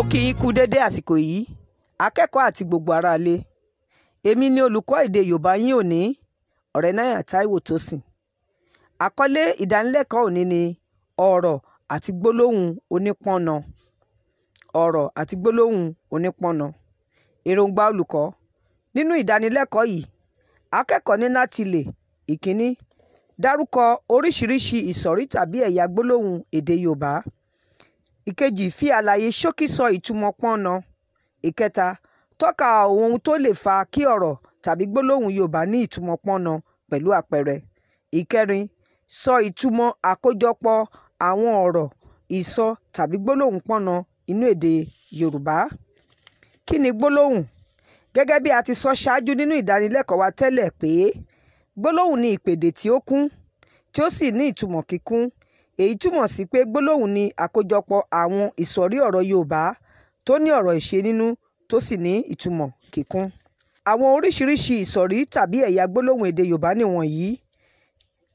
mo kí yín kú dédé àsìkò yìí akẹ́kọ̀ọ́ àti gbogbo aráalé èmi ni olùkọ́ èdè yorùbá yín òní Ọ̀rẹ́náyà Táíwò Tósìn àkọlé ìdánilẹ́kọ̀ọ́ òní ni ọ̀rọ̀ àti gbólóhùn onípọ́nà ọ̀rọ̀ àti gbólóhùn onípọ́nà èròǹgbà olùkọ́ nínú ìdánilẹ́kọ̀ọ́ yìí akẹ́kọ̀ọ́ ní láti lè ìkíní dárúkọ oríṣiríṣi ìsọ̀rí tàbí ẹ̀yà gbólóhùn èdè yorùbá ìkejì fi àlàyé ṣókí sọ ìtumọ̀ pọ́nna ìkẹta tọ́ka ohun tó lè fa kí ọ̀rọ̀ tàbí gbólóhùn yorùbá ní ìtumọ̀ pọ́nna pẹ̀lú àpẹẹrẹ ìkẹrin sọ ìtumọ̀ àkójọpọ̀ àwọn ọ̀rọ̀ ìsọ tàbí gbólóhùn pọ́nna inú èdè yorùbá kí ni gbólóhùn gẹ́gẹ́ bí a ti sọ ṣáájú nínú ìdánilẹ́kọ̀ọ́ wa tẹ́lẹ̀ pé gbólóhùn ni ìpèdè tí ó kún tí ó sì ní ìtumọ̀ kíkún Èyí túmọ̀ sí pé gbólóhùn ni àkójọpọ̀ àwọn ìsọ̀rí ọ̀rọ̀ Yorùbá tó ní ọ̀rọ̀ ìṣe nínú tó sì ní ìtumọ̀ kíkún. Àwọn oríṣiríṣi ìsọ̀rí tàbí ẹ̀yà gbólóhùn èdè Yorùbá nìwọ̀nyí: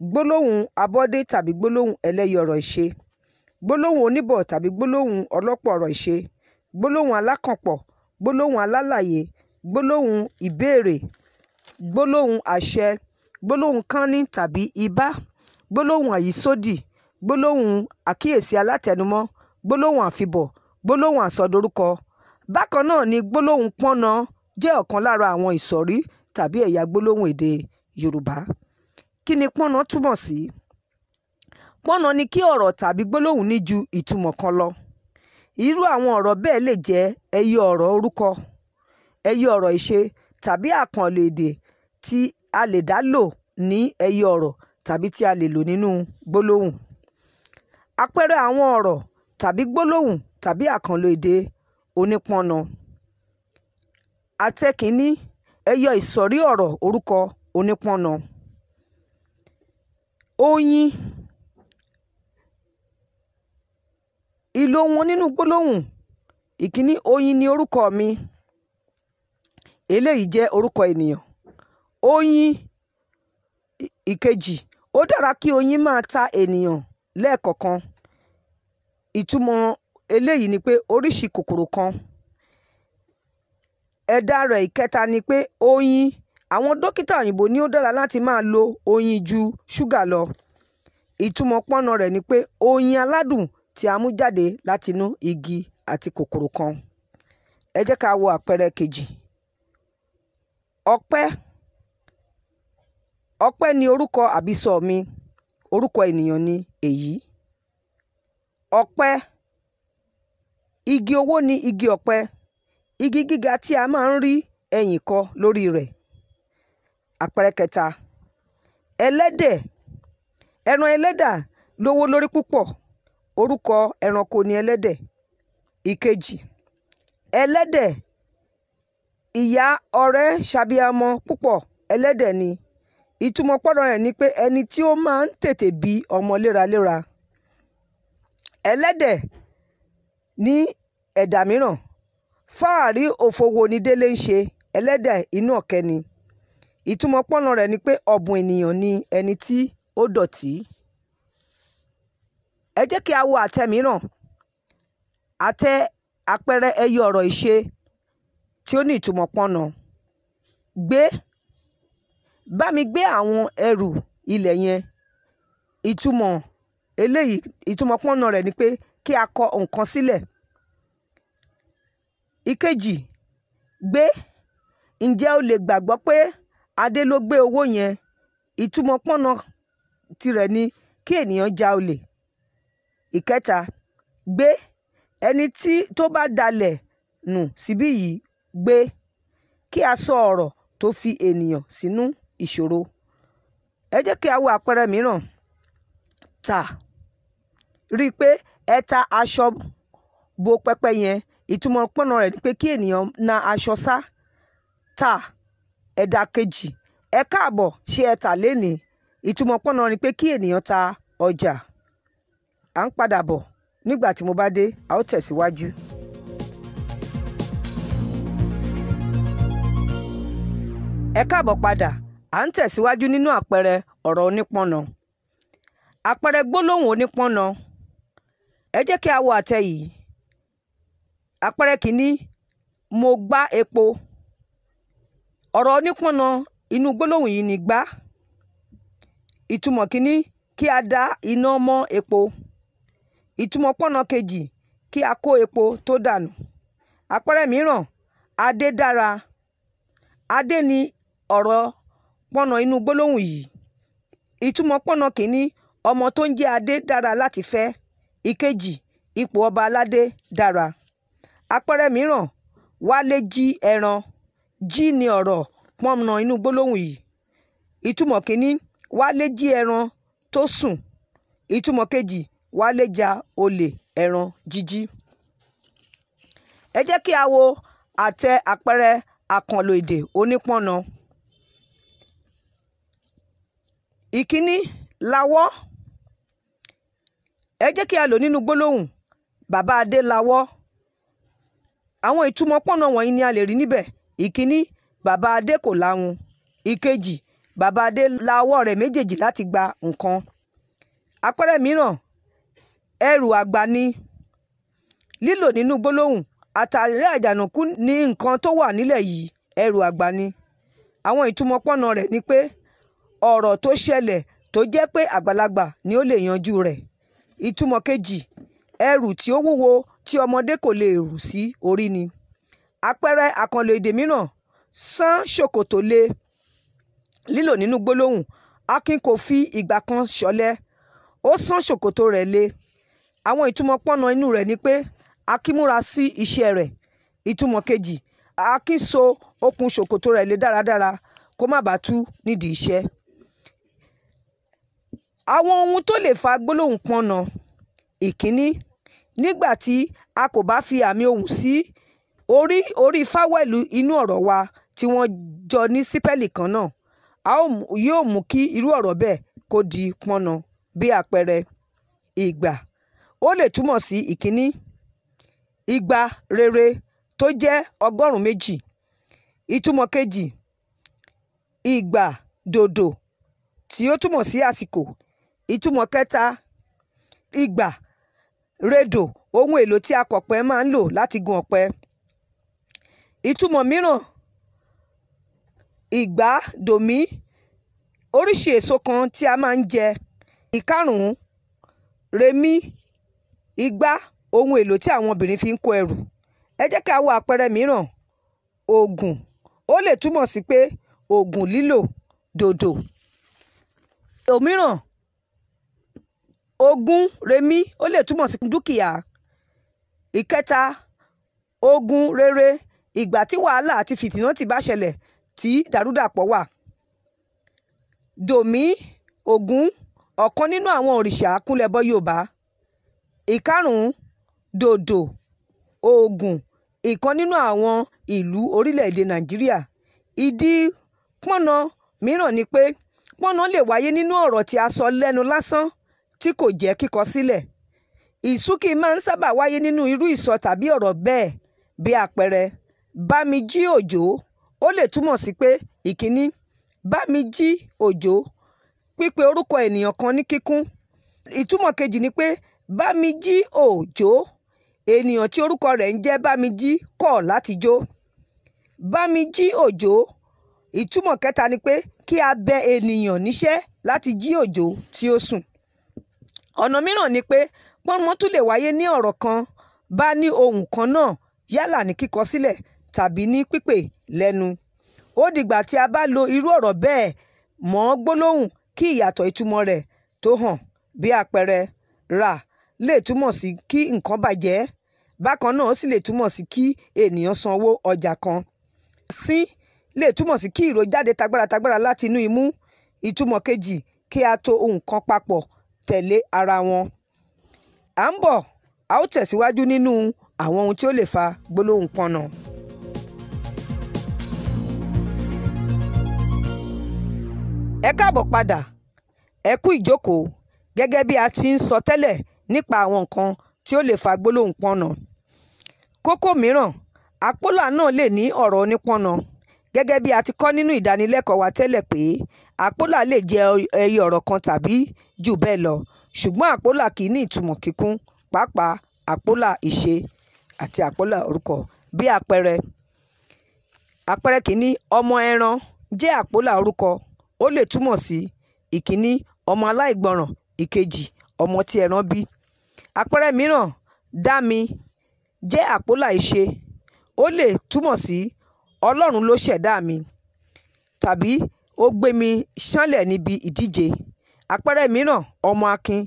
gbólóhùn abọ́dé tàbí gbólóhùn ẹlẹ́yọ ọ̀rọ̀ ìṣe, gbólóhùn oníbọ̀ tàbí gbólóhùn ọlọ́pọ̀ ọ̀rọ̀ ìṣe, gbólóhùn alákànpọ̀, gbólóhùn alálàyé, gbólóhùn ìbéèrè, gbólóhùn àṣẹ, gbólóhùn kánní tàbí ibá, gbólóhùn àyísódì gbólóhùn àkíyèsí alátẹnumọ́ gbólóhùn àfibọ̀ gbólóhùn àsọdorúkọ bákan náà ni gbólóhùn pọ́nna jẹ́ ọ̀kan lára àwọn ìsọ̀rí tàbí ẹ̀yà gbólóhùn èdè yorùbá kí ni pọ́nna túmọ̀ sí pọ́nna ni kí ọ̀rọ̀ tàbí gbólóhùn ní ju ìtumọ̀ kan lọ irú àwọn ọ̀rọ̀ bẹ́ẹ̀ lè jẹ́ ẹyọ ọ̀rọ̀ orúkọ ẹyọ ọ̀rọ̀ ìṣe tàbí àkànlò èdè tí a lè dá lò ní ẹyọ ọ̀rọ̀ tàbí tí a lè lò nínú gbólóhùn àpẹẹrẹ àwọn ọ̀rọ̀ tàbí gbólóhùn tàbí àkànlò èdè onípọ̀nà. àtẹ kìíní ẹ yọ ìsọ̀rí ọ̀rọ̀ orúkọ onípọ̀nà. oyin ìlò wọn nínú gbólóhùn ìkíní oyin ni orúkọ mi eléyìí jẹ́ orúkọ ènìyàn oyin ìkejì ó dára kí oyin máa ta ènìyàn lẹ́ẹ̀kọ̀kan. Ìtumọ̀ eléyìí ni pé oríṣi kòkòrò kan. Ẹ̀dá rẹ̀ ìkẹta ni pé oyin. Àwọn dókítà òyìnbó ní ó dára láti máa lo oyin ju ṣúgà lọ. Ìtumọ̀ pọ́nna rẹ̀ ni pé oyin aládùn tí a mú jáde látinú igi àti kòkòrò kan. Ẹ jẹ́ ká wo àpẹẹrẹ kejì. Ọpẹ́. Ọpẹ́ ni orúkọ àbísọ mi orúkọ ènìyàn ni èyí ọ̀pẹ igi owó ni igi ọ̀pẹ igi gíga tí a máa ń rí ẹyìn kọ lórí rẹ̀ àpẹẹrẹ kẹta ẹlẹ́dẹ̀ ẹran ẹlẹ́dà lówó lórí púpọ̀ orúkọ ẹranko ni ẹlẹ́dẹ̀ ìkejì ẹlẹ́dẹ̀ ìyá ọ̀rẹ́ ṣàbíamọ púpọ̀ ẹlẹ́dẹ̀ ni ìtumọ̀ pọ́nrán rẹ̀ ni pé ẹni tí ó máa ń tètè bí ọmọ léraléra ẹlẹ́dẹ̀ ní ẹ̀dà mìíràn fáàrí òfowó ni délé ń ṣe ẹlẹ́dẹ̀ inú ọ̀kẹ́ ni ìtumọ̀ pọ́nrán rẹ̀ ni pé ọ̀bùn ènìyàn ni ẹni tí ó dọ̀tí ẹ jẹ́ kí a wo àtẹ mìíràn àtẹ àpẹẹrẹ ẹyọ ọ̀rọ̀ ìṣe tí ó ní ìtumọ̀ pọ́nà gbé bá mi gbé àwọn ẹrù ilẹ̀ yẹn ìtumọ̀ eléyìí ìtumọ̀ pọ́nà rẹ̀ ni pé kí a kọ nǹkan sílẹ̀ ìkejì gbé ǹjẹ́ o lè gbàgbọ́ pé adé ló gbé owó yẹn ìtumọ̀ pọ́nà tirẹ̀ ni kí ènìyàn já olè ìkẹta gbé ẹni tí tó bá dalẹ̀ nù síbí yìí gbé kí a sọ ọ̀rọ̀ tó fi ènìyàn sínú. ìṣòro ẹ jẹ́ kí a wo àpẹẹrẹ mìíràn tà rí i pé ẹ ta aṣọ bo pẹpẹ yẹn ìtumọ̀ pọ́nà rẹ̀ ni pé kí ènìyàn na aṣọ sá tà ẹ̀dà kejì ẹ káàbọ̀ ẹ tà lénìí ìtumọ̀ pọ́nà ni pé kí ènìyàn ta ọjà à ń padà bọ̀ nígbà mo bá dé a ó tẹ̀síwájú. ẹ káàbọ̀ padà à ń tẹ̀síwájú nínú àpẹẹrẹ ọ̀rọ̀ onípọ́nà àpẹẹrẹ gbólóhùn onípọ́nà ẹ jẹ́ kí a wo àtẹ yìí àpẹẹrẹ kìíní mo gbá epo ọ̀rọ̀ onípọ́nà inú gbólóhùn yìí ni gbá ìtumọ̀ kìíní kí a dá iná mọ́ epo ìtumọ̀ pọ́nà kejì kí a kó epo tó dànù àpẹẹrẹ mìíràn adé dára adé ni ọ̀rọ̀ pọ́nà inú gbólóhùn yìí ìtumọ̀ pọ́nà kìíní ọmọ tó ń jẹ́ adé dára láti fẹ́ ìkejì ipò ọba aládé dára àpẹẹrẹ mìíràn wálé jí ẹran jí ni ọ̀rọ̀ pọ́nà inú gbólóhùn yìí ìtumọ̀ kìíní wálé jí ẹran tó sùn ìtumọ̀ kejì wálé ja olè ẹran jíjí ẹ jẹ́ kí a wo àtẹ àpẹẹrẹ àkànlò èdè onípọ́nà. ìkíní lawọ́ ẹ jẹ́ kí a lò nínú gbólóhùn bàbá adé lawọ́ àwọn ìtumọ̀ pọ́nà wọ̀nyí ni a lè rí níbẹ̀ ìkíní bàbá adé kò láhun ìkejì bàbá adé la ọwọ́ rẹ̀ méjèèjì láti gba nǹkan àpẹẹrẹ mìíràn ẹrù àgbà ni lílò nínú gbólóhùn àtàrírẹ́ àjànàkú ni nǹkan tó wà nílẹ̀ yìí ẹrù àgbà ni àwọn ìtumọ̀ pọ́nà rẹ̀ ni pé ọ̀rọ̀ tó ṣẹlẹ̀ tó jẹ́ pé àgbàlagbà ni ó lè yanjú rẹ̀. ìtumọ̀ kejì ẹrù tí ó wúwo tí ọmọdé kò lè rù sí orí ni. àpẹẹrẹ àkànlò èdè mìíràn sán ṣòkòtò lé lílò nínú gbólóhùn akin kò fi ìgbà kan ṣọ̀lẹ ó sán ṣòkòtò rẹ̀ lé àwọn ìtumọ̀ pọ́nà inú rẹ̀ ni pé akin múra sí iṣẹ́ rẹ̀ ìtumọ̀ kejì akin so okùn ṣòkòtò rẹ̀ lé dáradára kó má bàa tú nídìí iṣẹ́ àwọn ohun tó lè fa gbólóhùn pọ́nna ìkíní nígbà tí a kò bá fi àmì ohùn sí orí orí fáwẹ́lì inú ọ̀rọ̀ wa tí wọ́n jọ ní sípẹ́lì kan náà a yóò mú kí irú ọ̀rọ̀ bẹ́ẹ̀ kó di pọ́nna bí àpẹẹrẹ ìgbà ó lè túmọ̀ sí ìkíní igba rere tó jẹ́ ọgọ́rùn-ún méjì ìtumọ̀ kejì ìgbà dòdò tí ó túmọ̀ sí àsìkò ìtumọ̀ kẹta igbà rédò ohun èlò tí akọ̀pẹ máa ń lò láti gun ọ̀pẹ ìtumọ̀ mìíràn ìgbá dòmí oríṣi èso kan tí a máa ń jẹ ìkarùn-ún rèmí igbá ohun èlò tí àwọn obìnrin fi ń kó ẹrù ẹ jẹ́ kí a wo àpẹẹrẹ mìíràn oògùn ó lè túmọ̀ sí pé oògùn lílò dòdò òmíràn Ogun remi ó lè túmọ̀ sí dúkìá ìkẹta ogun rere ìgbà tí wàhálà àti fìtínà ti bá ṣẹlẹ̀ tí dàrúdàpọ̀ wà dòmí ògún ọ̀kan nínú àwọn òrìṣà kúnlẹ̀bọ yorùbá ìkarùn-ún dòdò ògùn ìkan nínú àwọn ìlú orílẹ̀-èdè nàìjíríà ìdí pọ́nà mìíràn ni pé pọ́nà lè wáyé nínú ọ̀rọ̀ tí a sọ lẹ́nu lásán tí kò jẹ́ kíkọ sílẹ̀ ìsúkì máa ń sábà wáyé nínú irú ìsọ tàbí ọ̀rọ̀ bẹ́ẹ̀ bí àpẹẹrẹ bá mi jí òjò ó lè túmọ̀ sí pé ìkíní bá mi jí òjò pípe orúkọ ènìyàn kan ní kíkún ìtumọ̀ kejì ni pé bá mi jí òjò ènìyàn tí orúkọ rẹ̀ ń jẹ́ bá mi jí kọ̀ láti jó bá mi jí òjò ìtumọ̀ kẹta ni pé kí a bẹ ènìyàn níṣẹ́ láti jí òjò tí ó sùn ọ̀nà mìíràn ni pé pọ́nmọ́ tún lè wáyé ní ọ̀rọ̀ kan bá ní ohùn kan náà yálà ní kíkọ sílẹ̀ tàbí ní pípè lẹ́nu. ó dìgbà tí a bá lo irú ọ̀rọ̀ bẹ́ẹ̀ mọ́ gbólóhùn kí ìyàtọ̀ ìtumọ̀ rẹ̀ tó hàn bí àpẹẹrẹ rà lè túmọ̀ sí kí nǹkan bàjẹ́ bákan náà ó sì lè túmọ̀ sí kí ènìyàn sanwó ọjà kan sín lè túmọ̀ sí kí ìró jáde láti inú imú ìtumọ̀ kejì kí a to ohùn kan papọ̀ tẹ̀lé ara wọn. À ń bọ̀ a ó tẹ̀síwájú nínú àwọn ohun tí ó lè fa gbólóhùn pọnà. ẹ káàbọ̀ padà ẹ kú ìjókòó gẹ́gẹ́ bí a ti ń sọ tẹ́lẹ̀ nípa àwọn nǹkan tí ó lè fa gbólóhùn pọnà. kókó mìíràn àpólà náà lè ní ọ̀rọ̀ onípọnà gẹ́gẹ́ bí a ti kọ́ nínú ìdánilẹ́kọ̀ọ́ wa tẹ́lẹ̀ pé àpólà lè jẹ́ ẹyọ ọ̀rọ̀ kan tàbí jù bẹ́ẹ̀ lọ ṣùgbọ́n àpólà kì í ní ìtumọ̀ kíkún pàápàá àpólà ìṣe àti àpólà orúkọ bí àpẹẹrẹ àpẹẹrẹ kìíní ọmọ ẹran jẹ́ àpólà orúkọ ó lè túmọ̀ sí ìkíní ọmọ aláìgbọràn ìkejì ọmọ tí ẹran bí àpẹẹrẹ mìíràn dá mi jẹ́ àpólà ìṣe ó lè túmọ̀ sí ọlọ́run ló ṣẹ̀dá mi tàbí ó gbé mi ṣánlẹ̀ níbi ìdíje àpẹẹrẹ mìíràn ọmọ akin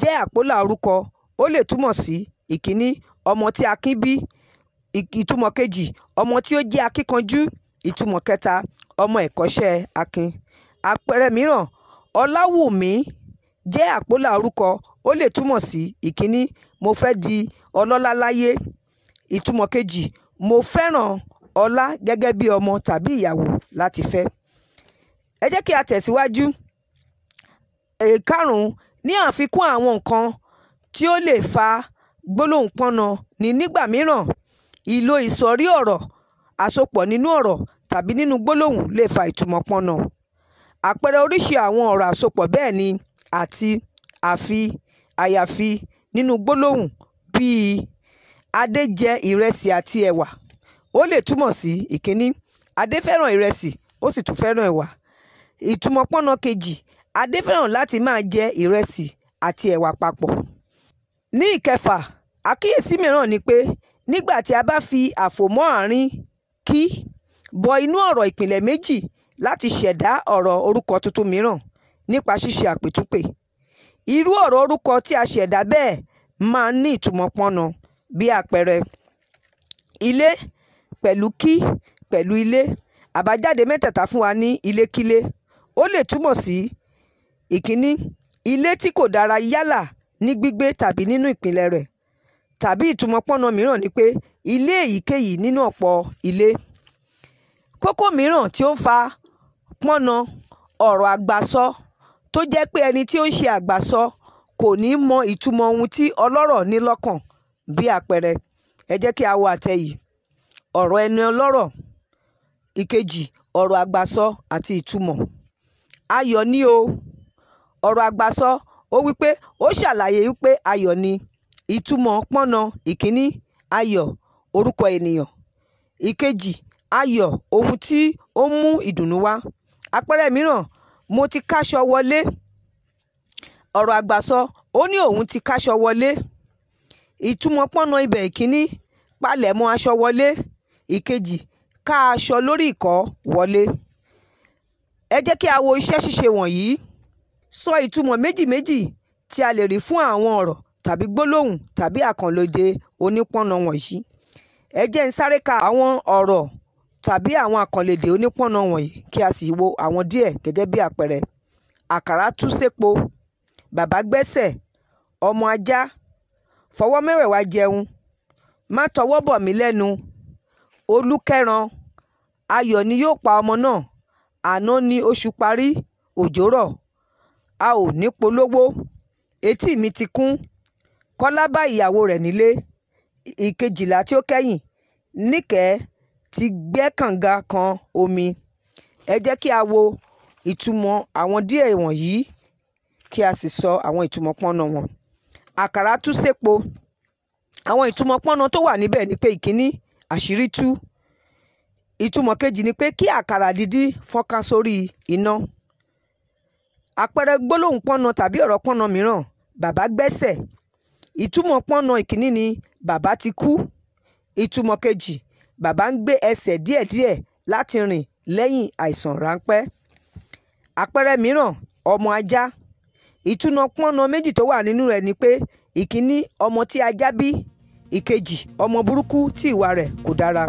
jẹ́ àpólà orúkọ ó lè túmọ̀ sí ìkíní ọmọ tí akin bí ìtumọ̀ kejì ọmọ tí ó jẹ́ akíkanjú ìtumọ̀ kẹta ọmọ ẹ̀kọ́ṣẹ́ akin àpẹẹrẹ mìíràn ọláwùmí jẹ́ àpólà orúkọ ó lè túmọ̀ sí ìkíní mo fẹ́ di ọlọ́lá láyé ìtumọ̀ kejì mo fẹ́ràn ọlá gẹ́gẹ́ bí ọmọ tàbí ìyàwó láti fẹ́. ẹ jẹ́ kí a tẹ̀síwájú ẹ̀ẹ̀karùn-ún ní àfikún àwọn nǹkan tí ó lè fa gbólóhùn pọ́nna ní nígbà mìíràn ìlò ìsọ̀rí ọ̀rọ̀ àsopọ̀ nínú ọ̀rọ̀ tàbí nínú gbólóhùn lè fa ìtumọ̀ pọ́nna àpẹẹrẹ oríṣi àwọn ọ̀rọ̀ àsopọ̀ bẹ́ẹ̀ ni àti àfi àyàfi nínú gbólóhùn bíi adé jẹ ìrẹsì àti ẹ̀wà ó lè túmọ̀ sí ìkíní adé fẹ́ràn ìrẹsì ó sì tún fẹ́ràn ẹ̀wà ìtumọ̀ pọ́nà kejì adé fẹ́ràn láti máa jẹ ìrẹsì àti ẹ̀wà papọ̀ ní ìkẹfà àkíyèsí mìíràn ni pé nígbà tí a bá fi àfòmọ́ àárín kí bọ inú ọ̀rọ̀ ìpìlẹ̀ méjì láti ṣẹ̀dá ọ̀rọ̀ orúkọ tuntun mìíràn nípa ṣíṣe àpètúnpè irú ọ̀rọ̀ orúkọ tí a ṣẹ̀dá bẹ́ẹ̀ máa ń ní ìtumọ̀ pọ́nà bí àpẹẹrẹ ilé pẹ̀lú kí pẹ̀lú ilé àbájáde mẹ́tẹ̀ẹ̀ta fún wa ní ilékílé ó lè túmọ̀ sí ìkíní ilé tí kò dára yálà ní gbígbé tàbí nínú ìpìlẹ̀ rẹ̀ tàbí ìtumọ̀ pọ́nà mìíràn ni pé ilé èyíkéyìí nínú ọ̀pọ̀ ilé kókó mìíràn tí ó ń fa pọ́nà ọ̀rọ̀ àgbàsọ tó jẹ́ pé ẹni tí ó ń ṣe àgbàsọ kò ní mọ ìtumọ̀ ohun tí ọlọ́rọ̀ ní lọ́kàn bí àpẹẹrẹ ẹ jẹ́ kí a wo àtẹ yìí ọ̀rọ̀ ẹni ọlọ́rọ̀ ìkejì ọ̀rọ̀ àgbàsọ àti ìtumọ̀ ayọ̀ ni o ọ̀rọ̀ àgbàsọ ó wípé ó ṣàlàyé wípé ayọ̀ ni ìtumọ̀ pọ́nna ìkíní ayọ̀ orúkọ ènìyàn ìkejì ayọ̀ ohun tí ó mú ìdùnnú wá àpẹẹrẹ mìíràn mo ti káṣọ wọlé ọ̀rọ̀ àgbàsọ ó ní òun ti káṣọ wọlé ìtumọ̀ pọ́nna ibẹ̀ ìkíní palẹ̀mọ́ aṣọ wọlé ìkejì ká aṣọ lórí ìkọ́ wọlé. ẹ jẹ́ kí a wo iṣẹ́ ṣíṣe wọ̀nyí sọ ìtumọ̀ méjì méjì tí a lè rí fún àwọn ọ̀rọ̀ tàbí gbólóhùn tàbí àkànlòde onípọ́nà wọ̀nyí. ẹ jẹ́ ń sáré ka àwọn ọ̀rọ̀ tàbí àwọn àkànlòde onípọ́nà wọ̀nyí kí a sì wo àwọn díẹ̀ gẹ́gẹ́ bí àpẹẹrẹ. àkàrà tú sépo bàbá gbẹ́sẹ̀ ọmọ ajá fọwọ́ mẹ́wẹ̀ẹ̀wá jẹun má tọwọ́ bọ̀ mí lẹ́nu olùkẹ́ran ayọ̀ ni yóò pa ọmọ náà àná ní oṣù parí ọjọ́ rọ̀ a ò ní í polówó etí mi ti kún kọ́lá bá ìyàwó rẹ̀ nílé ìkejìlá tí ó kẹ́yìn níkẹ́ ti gbẹ́ kànga kan omi ẹ jẹ́ kí a wo ìtumọ̀ àwọn díẹ̀ wọ̀nyí kí a sì sọ àwọn ìtumọ̀ pọ́nà wọn àkàrà tú sépo àwọn ìtumọ̀ pọ́nà tó wà níbẹ̀ ni pé ìkíní àṣírí tú ìtumọ̀ kejì ni pé kí àkàrà dídín fọ́nká sórí iná àpẹẹrẹ gbólóhùn pọ́nna tàbí ọ̀rọ̀ pọ́nna mìíràn bàbá gbẹ́sẹ̀ ìtumọ̀ pọ́nna ìkíní ni bàbá ti kú ìtumọ̀ kejì bàbá ń gbé ẹsẹ̀ díẹ̀díẹ̀ láti rìn lẹ́yìn àìsàn ráńpẹ́ àpẹẹrẹ mìíràn ọmọ ajá ìtumọ̀ pọ́nna méjì tó wà nínú rẹ̀ ni pé ìkíní ọmọ tí ajá bí ìkejì ọmọ burúkú tí ìwà rẹ̀ kò dára